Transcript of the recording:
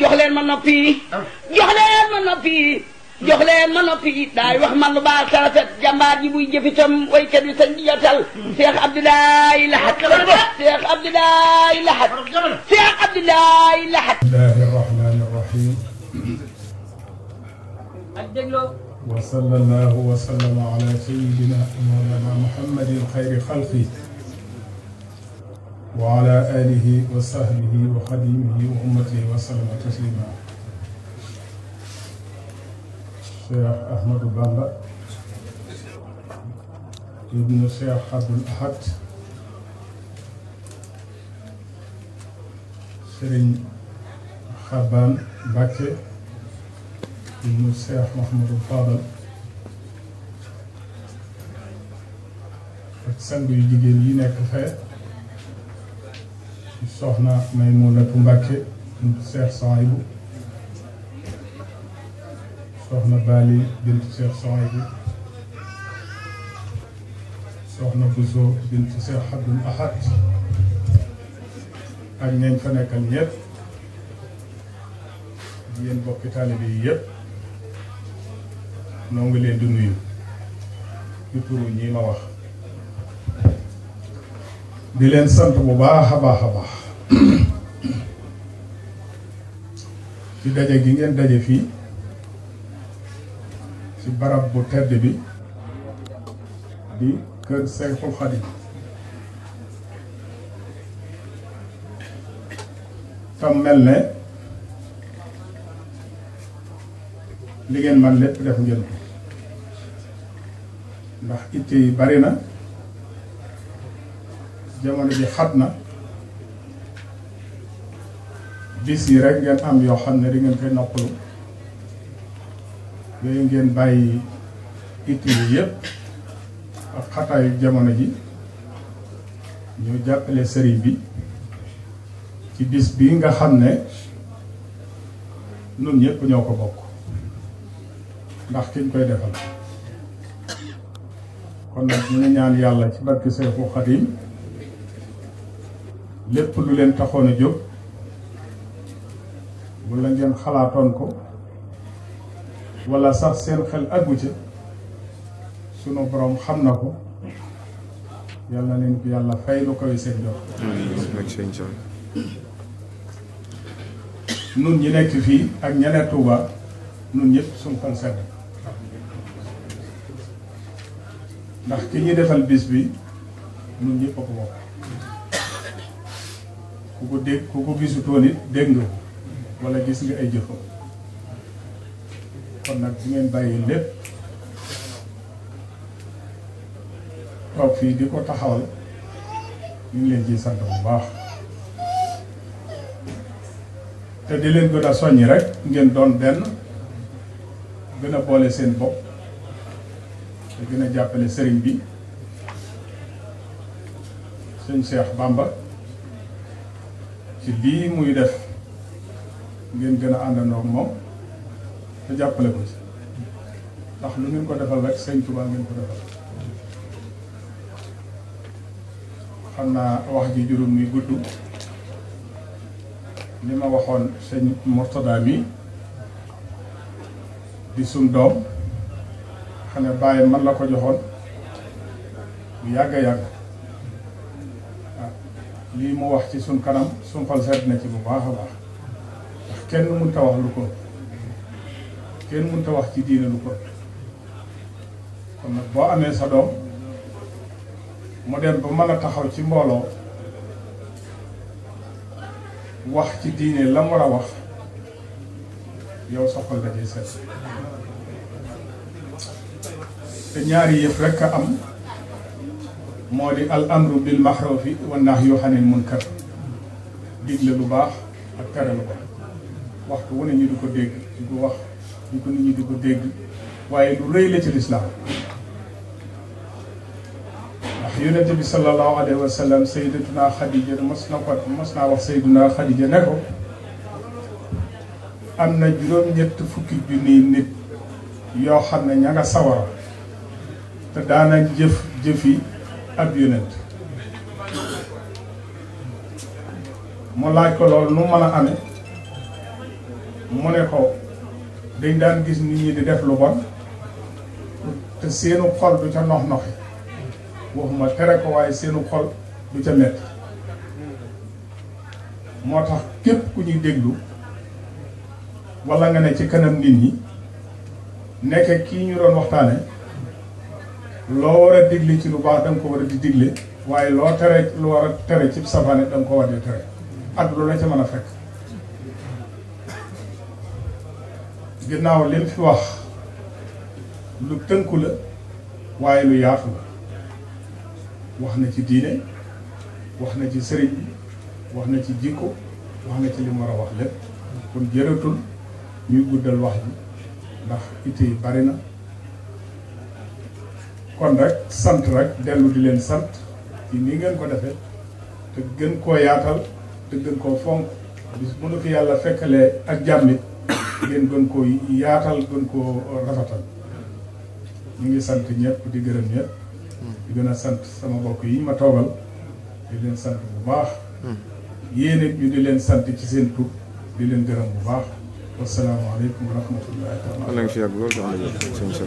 jox leen ma noppi ah. jox leen ma noppi jox leen ma noppi daay wax man lu baax sarafet jàmbaar ji buy jëfitam waykat yi sañ di jotal Cheikh Abdoulaye Lahat Cheikh Abdoulaye Lahat Cheikh Abdoulaye Lahat bismillahi rahmani rahim ak dégloo wa sallallahu wa sallama ala sayyidina mawlana muhammadin xayri xalqi wa ala alihi wa sahbihi wa xadimihi wa ummatihi wa sallama taslima Cheikh Ahmadou Bamba ibnu Cheikh Abdoul Ahad Sëriñ Xaban Mbàkke ibnu Cheikh Mouhamadou Fadal ak sang yu jigéen yi nekk fee soxna Maymunatu Mbàkke bint Seex Suhaybu soxna Bali bint Seex Suhaybu soxna Buso bint Seex Abdul Ahad ak ñeeñ fa nekkal ñépp yéen bokki taalibe yi yépp noo ngi leen di yi ci turu ñii ma wax di leen sant bu baax a baax a baax ci daje gi ngeen daje fii ci barab bu tedd bi di kër Seyxul Xadim tam mel ne li ngeen man lépp def ngeen ko ndax itte yi bari na jamono ji xat na bis yi rekk ngeen am yoo xam ne di ngeen koy noppalu yooyu ngeen bàyyi itti yi yëpp ak xataayu jamono ji ñu jàppale sëriñ bi ci bis bi nga xam ne nun ñëpp ñoo ko bokk ndax kiñ koy defal kon nag ñu ngi ñaan yàlla ci barke Seexu Xadim lépp lu leen taxoon a jóg wala ngeen xalaatoon ko wala sax seen xel àggu ca sunu borom xam na ko yàlla leen ko yàlla fay lu koy seen jox nun ñi nekk fii ak ñeneen Tuuba nun ñëpp suñ xol sedd ndax ki ñu defal bis bi nun ñëpp a ko bokk ku ko dégg ku ko gisutoon it dégg nga ko wala gis nga ay jëfam kon nag bu ngeen bàyyi lépp toog fii di ko taxawal ñu ngeen leen ciy sant bu baax te di leen gën a soññi rek ngeen doon benn gën a boole seen bopp te gën a jàppale sëriñ bi sëñ Cheikh Bamba ci bii muy def ngeen gën a àndandoo ak moom te jàppale ko ci ndax lu ngeen ko defal rek sëñ Tuubaa ngeen ko defal xam naa wax ji juróom mi gudd li ma waxoon seen Murtada mi di suñ doom xam ne bàyyi man la ko joxoon bu yàgg a lii mu wax ci suñ kanam suñ xol sedd na ci bu baax a baax kenn mënut a wax lu ko kenn mun a wax ci diine lu ko kon boo amee sa doom mu dem ba mën a taxaw ci mbooloo wax ci diine la mu war a wax yow sa xol dajay set te ñaari yëf rekk am moo di al amru bil maxrufi wa nahyu anil munkar digle lu baax ak tere lu baax wax wu ne ñu di ko dégg di ko wax di ko nit ñi di ko dégg waaye lu rëy la ci lislaam ndax yonente bi sallallahu alayhi wa sallam sayyidatuna Xadija mos na ko mos naa wax sayyiduna Xadija ne ko am na juróom-ñett fukki junniy nit yoo xam ne ña nga sawara te daana jëf jëfi ab yonent mu laaj ko loolu nu mën a amee mu ne ko dañ daan gis nit ñi di def lu bon te seenu xol du ca nox noxi waxuma tere ko waaye seenu xol du ca metti moo tax képp ku ñuy déglu wala nga ne ci kanam nit ñi nekk kii ñu doon waxtaane loo war a digle ci lu baax da ko war a di waaye loo tere lu war a tere ci safane da nga ko war di tere ak lu la ca mën a fekk ginnaaw leen fi wax lu tënku la waaye lu yaatu la wax na ci diine wax na ci sëriñ bi wax na ci jikko wax na ci li wax lépp kon jërëtul ñuy guddal wax ji ndax itte yi bari na kon rek sant rek dellu di leen sant ci ngeen ko defee te gën koo yaatal te gën koo fonk bis mënu fi yàlla fekkalee ak jàmmit ngeen gën ko yaatal gën ko rafetal mu ngi sant ñëpp di gërëm ñëpp di gën a sant sama mbokk yi ma toogal di leen sant bu baax yéen it ñu di leen sant ci seen tur di leen gërëm bu baax wasalaamaaleykum wa rahmatullahi taala